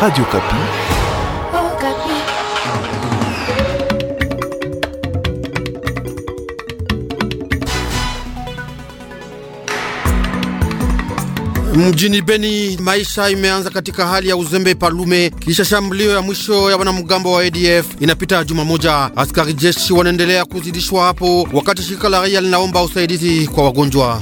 Radio Kapi. Oh, Kapi. Mjini Beni maisha imeanza katika hali ya uzembe palume kisha shambulio ya mwisho ya wanamgambo wa ADF inapita juma moja. Askari jeshi wanaendelea kuzidishwa hapo wakati shirika la raia linaomba usaidizi kwa wagonjwa.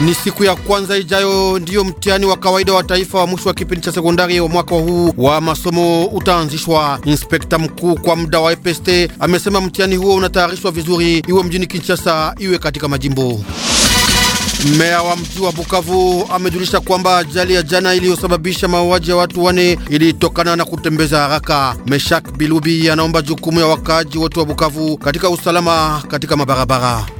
Ni siku ya kwanza ijayo ndiyo mtihani wa kawaida wa taifa wa mwisho wa kipindi cha sekondari wa mwaka huu wa masomo utaanzishwa. Inspekta mkuu kwa muda wa EPST amesema mtihani huo unatayarishwa vizuri, iwe mjini Kinshasa, iwe katika majimbo. Meya wa mji wa Bukavu amejulisha kwamba ajali ya jana iliyosababisha mauaji ya watu wane ilitokana na kutembeza haraka. Meshak Bilubi anaomba jukumu ya wakaaji wote wa Bukavu katika usalama katika mabarabara.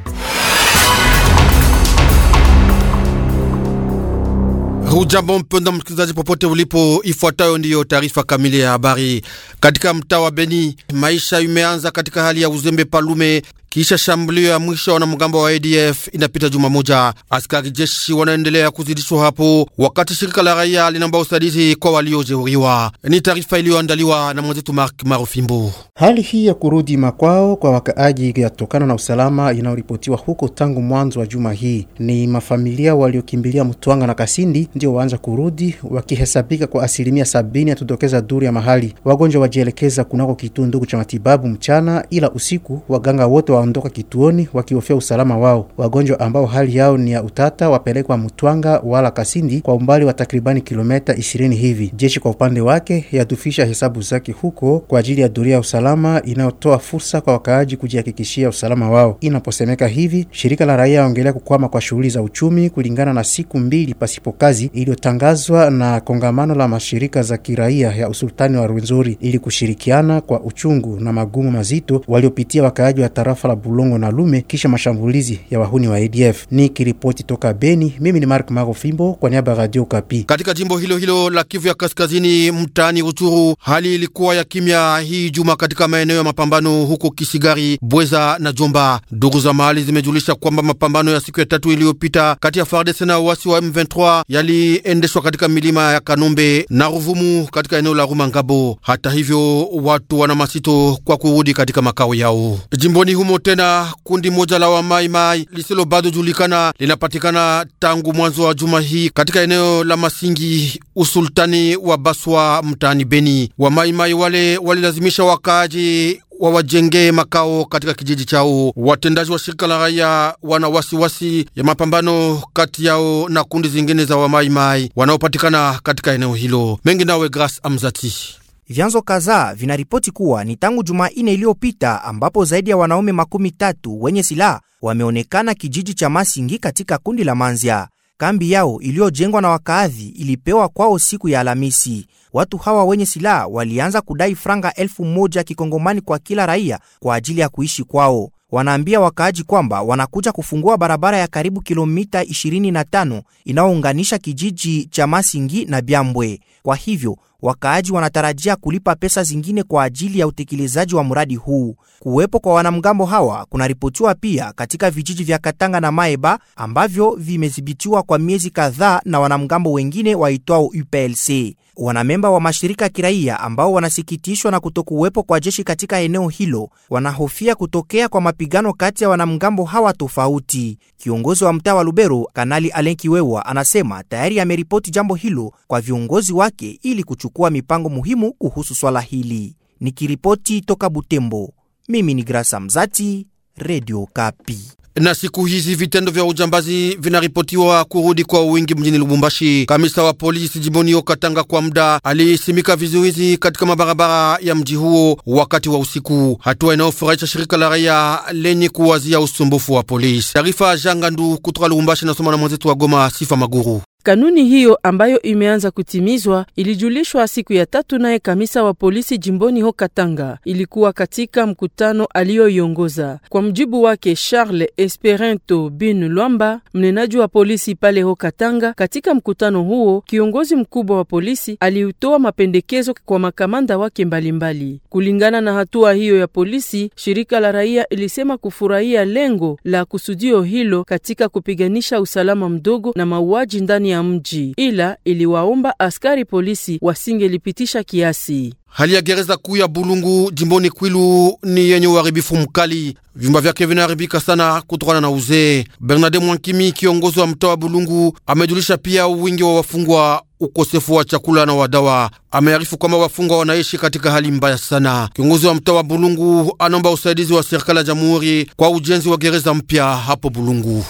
Hujambo mpenda msikilizaji, popote ulipo, ifuatayo ndiyo taarifa kamili ya habari. Katika mtaa wa Beni, maisha imeanza katika hali ya uzembe palume kisha shambulio ya mwisho na mgambo wa ADF inapita juma moja. Askari jeshi wanaendelea kuzidishwa hapo, wakati shirika la raia linaomba usaidizi kwa waliojeruhiwa. Ni taarifa iliyoandaliwa na mwenzetu Mark marufimbo Hali hii ya kurudi makwao kwa wakaaji yatokana na usalama inayoripotiwa huko tangu mwanzo wa juma hii. Ni mafamilia waliokimbilia Mtwanga na Kasindi ndio waanza kurudi, wakihesabika kwa asilimia sabini, yatudokeza duru ya mahali. Wagonjwa wajielekeza kunako kituo ndugu cha matibabu mchana, ila usiku waganga wote wa waondoka kituoni wakihofia usalama wao. Wagonjwa ambao hali yao ni ya utata wapelekwa mtwanga wala Kasindi kwa umbali wa takribani kilometa 20 hivi. Jeshi kwa upande wake yadufisha hesabu zake huko kwa ajili ya duria ya usalama inayotoa fursa kwa wakaaji kujihakikishia usalama wao. Inaposemeka hivi, shirika la raia yaongelea kukwama kwa shughuli za uchumi kulingana na siku mbili pasipo kazi iliyotangazwa na kongamano la mashirika za kiraia ya usultani wa Rwenzori ili kushirikiana kwa uchungu na magumu mazito waliopitia wakaaji wa tarafa la Bulongo na Lume kisha mashambulizi ya wahuni wa ADF. Ni kiripoti toka Beni, mimi ni Mark Fimbo kwa niaba ya Radio Kapi. Katika jimbo hilo hilo la Kivu ya Kaskazini, mtaani Ruchuru, hali ilikuwa ya kimya hii juma katika maeneo ya mapambano huko Kisigari, Bweza na Jomba. Ndugu za mahali zimejulisha kwamba mapambano ya siku ya tatu iliyopita kati ya FARDC na wasi wa M23 yaliendeshwa katika milima ya Kanombe na Ruvumu katika eneo la Rumangabo. Hata hivyo, watu wana masito kwa kurudi katika makao yao jimboni humo tena kundi moja la wamaimai lisilo bado julikana linapatikana tangu mwanzo wa juma hii katika eneo la Masingi, usultani wa Baswa, mtaani Beni. Wamaimai wale walilazimisha wakaaji wawajenge makao katika kijiji chao. Watendaji wa shirika la raia wana wasiwasi ya mapambano kati yao na kundi zingine za wamaimai wanaopatikana katika eneo hilo mengi. Nawe Grace Amzati. Vyanzo kadhaa vinaripoti kuwa ni tangu Jumanne iliyopita ambapo zaidi ya wanaume makumi tatu wenye silaha wameonekana kijiji cha Masingi katika kundi la Manzia. Kambi yao iliyojengwa na wakaadhi ilipewa kwao siku ya Alhamisi. Watu hawa wenye silaha walianza kudai franga elfu moja kikongomani kwa kila raia kwa ajili ya kuishi kwao. Wanaambia wakaaji kwamba wanakuja kufungua barabara ya karibu kilomita 25 inayounganisha kijiji cha Masingi na Byambwe. Kwa hivyo wakaaji wanatarajia kulipa pesa zingine kwa ajili ya utekelezaji wa mradi huu. Kuwepo kwa wanamgambo hawa kunaripotiwa pia katika vijiji vya Katanga na Maeba ambavyo vimedhibitiwa kwa miezi kadhaa na wanamgambo wengine waitwao UPLC. Wanamemba wa mashirika ya kiraia ambao wanasikitishwa na kutokuwepo kwa jeshi katika eneo hilo wanahofia kutokea kwa mapigano kati ya wanamgambo hawa tofauti. Kiongozi wa mtaa wa Lubero, Kanali Alenkiwewa, anasema tayari ameripoti jambo hilo kwa viongozi wa wake ili kuchukua mipango muhimu kuhusu swala hili. Nikiripoti toka Butembo, mimi ni Grasa Mzati, Redio Kapi. Na siku hizi vitendo vya ujambazi vinaripotiwa kurudi kwa wingi mjini Lubumbashi. Kamisa wa polisi jimboni Okatanga kwa muda alisimika vizuizi katika mabarabara ya mji huo wakati wa usiku, hatua inayofurahisha shirika la raia lenye kuwazia usumbufu wa polisi. Taarifa jangandu kutoka Lubumbashi, nasoma na mwenzetu wa Goma, Sifa Maguru. Kanuni hiyo ambayo imeanza kutimizwa ilijulishwa siku ya tatu naye kamisa wa polisi jimboni ho Katanga, ilikuwa katika mkutano aliyoiongoza. Kwa mjibu wake Charles Esperanto Bin Lwamba, mnenaji wa polisi pale ho Katanga, katika mkutano huo kiongozi mkubwa wa polisi aliutoa mapendekezo kwa makamanda wake mbalimbali mbali. Kulingana na hatua hiyo ya polisi, shirika la raia ilisema kufurahia lengo la kusudio hilo katika kupiganisha usalama mdogo na mauaji ndani ndani ya mji, ila iliwaomba askari polisi wasingelipitisha kiasi. Hali ya gereza kuu ya Bulungu jimboni Kwilu ni yenye uharibifu mkali, vyumba vyake vinaharibika sana kutokana na uzee. Bernade Mwankimi, kiongozi wa mtaa wa Bulungu, amejulisha pia wingi wa wafungwa, ukosefu wa chakula na wadawa. Amearifu kwamba wafungwa wanaishi katika hali mbaya sana. Kiongozi wa mtaa wa Bulungu anaomba usaidizi wa serikali ya jamhuri kwa ujenzi wa gereza mpya hapo Bulungu.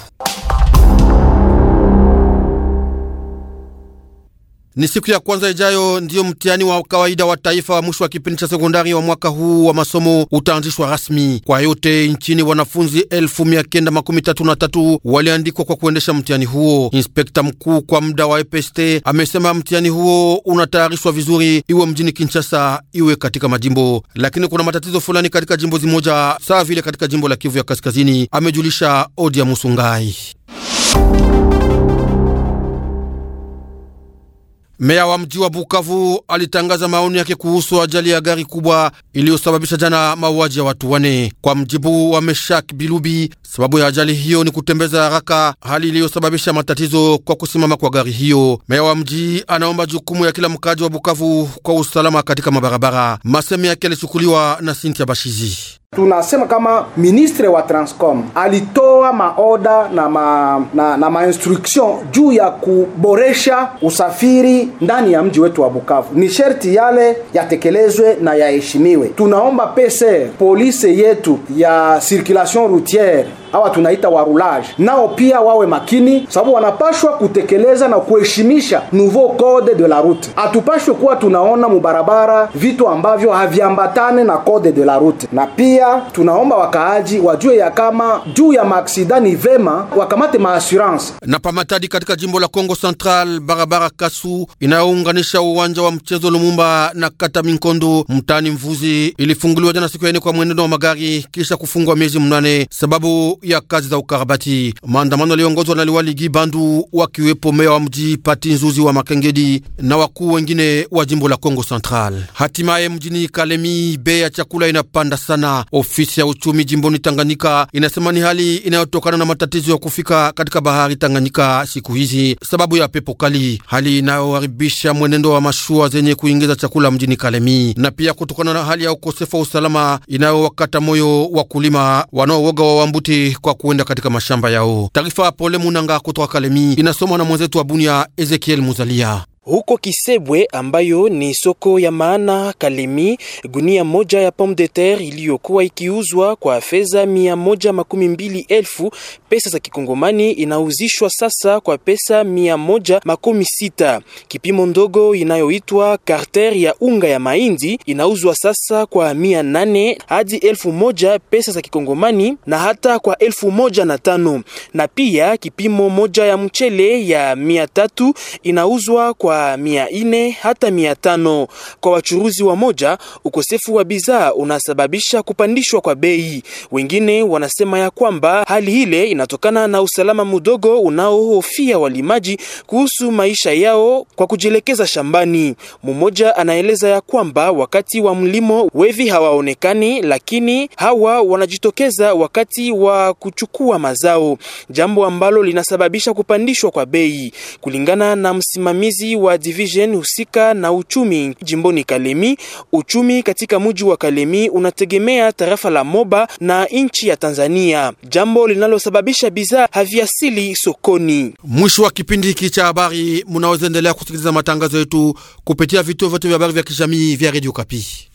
Ni siku ya kwanza ijayo ndiyo mtihani wa kawaida wa taifa wa mwisho wa kipindi cha sekondari wa mwaka huu wa masomo utaanzishwa rasmi kwa yote nchini. Wanafunzi elfu mia kenda makumi tatu na tatu waliandikwa kwa kuendesha mtihani huo. Inspekta mkuu kwa muda wa EPST amesema mtihani huo unatayarishwa vizuri, iwe mjini Kinshasa iwe katika majimbo, lakini kuna matatizo fulani katika jimbo zimoja, saa vile katika jimbo la Kivu ya Kaskazini, amejulisha Odia Musungai. Meya wa mji wa Bukavu alitangaza maoni yake kuhusu ajali ya gari kubwa iliyosababisha jana mauaji ya watu wane. Kwa mjibu wa Meshak Bilubi, sababu ya ajali hiyo ni kutembeza haraka, hali iliyosababisha matatizo kwa kusimama kwa gari hiyo. Meya wa mji anaomba jukumu ya kila mkaji wa Bukavu kwa usalama katika mabarabara. masemi yake yalichukuliwa na Sintia Bashizi. Tunasema kama ministre wa Transcom alitoa maoda na, ma, na, na mainstruction juu ya kuboresha usafiri ndani ya mji wetu wa Bukavu. Ni sherti yale yatekelezwe na yaheshimiwe. Tunaomba pese polisi yetu ya circulation routiere hawa tunaita warulage, nao pia wawe makini, sababu wanapashwa kutekeleza na kuheshimisha nouveau code de la route. Hatupashwe kuwa tunaona mubarabara vitu ambavyo haviambatane na code de la route, na pia tunaomba wakaaji wajue ya kama juu ya maaksida ni vema wakamate maassurance. Na pamatadi katika jimbo la congo Central, barabara Kasu inayounganisha uwanja wa mchezo Lumumba na kata Minkondo mtani Mvuzi ilifunguliwa jana siku ya ine kwa mwenendo wa magari kisha kufungwa miezi mnane sababu ya kazi za ukarabati. Maandamano yaliongozwa na liwali Gibandu, wakiwepo meya wa mji Pati Nzuzi wa Makengedi na wakuu wengine wa jimbo la Congo Central. Hatimaye mjini Kalemi, bei ya chakula inapanda sana. Ofisi ya uchumi jimboni Tanganyika inasema ni hali inayotokana na matatizo ya kufika katika bahari Tanganyika siku hizi sababu ya pepo kali, hali inayoharibisha mwenendo wa mashua zenye kuingiza chakula mjini Kalemi na pia kutokana na hali ya ukosefu wa usalama inayowakata moyo wakulima wanaowoga wa wambuti kwa kuenda katika mashamba yao. Taarifa ya Pole Munanga kutoka Kalemi inasomwa na mwenzetu wa Bunia Ezekiel Muzalia. Huko Kisebwe ambayo ni soko ya maana Kalemi, gunia moja ya pomme de terre iliyokuwa ikiuzwa kwa fedha mia moja makumi mbili elfu pesa za kikongomani inauzishwa sasa kwa pesa mia moja makumi sita. Kipimo ndogo inayoitwa karter ya unga ya mahindi inauzwa sasa kwa mia nane hadi elfu moja pesa za kikongomani na hata kwa elfu moja na tano na pia kipimo moja ya mchele ya mia tatu inauzwa kwa kwa mia ine hata mia tano kwa wachuruzi wa moja. Ukosefu wa bidhaa unasababisha kupandishwa kwa bei. Wengine wanasema ya kwamba hali ile inatokana na usalama mdogo unaohofia walimaji kuhusu maisha yao kwa kujielekeza shambani. Mmoja anaeleza ya kwamba wakati wa mlimo wevi hawaonekani, lakini hawa wanajitokeza wakati wa kuchukua mazao, jambo ambalo linasababisha kupandishwa kwa bei kulingana na msimamizi wa division husika na uchumi jimboni Kalemi. Uchumi katika mji wa Kalemi unategemea tarafa la Moba na nchi ya Tanzania, jambo linalosababisha bidhaa haviasili sokoni. Mwisho wa kipindi hiki cha habari, munaweza endelea kusikiliza matangazo yetu kupitia vituo vyote vya habari vya kijamii vya Radio Kapi.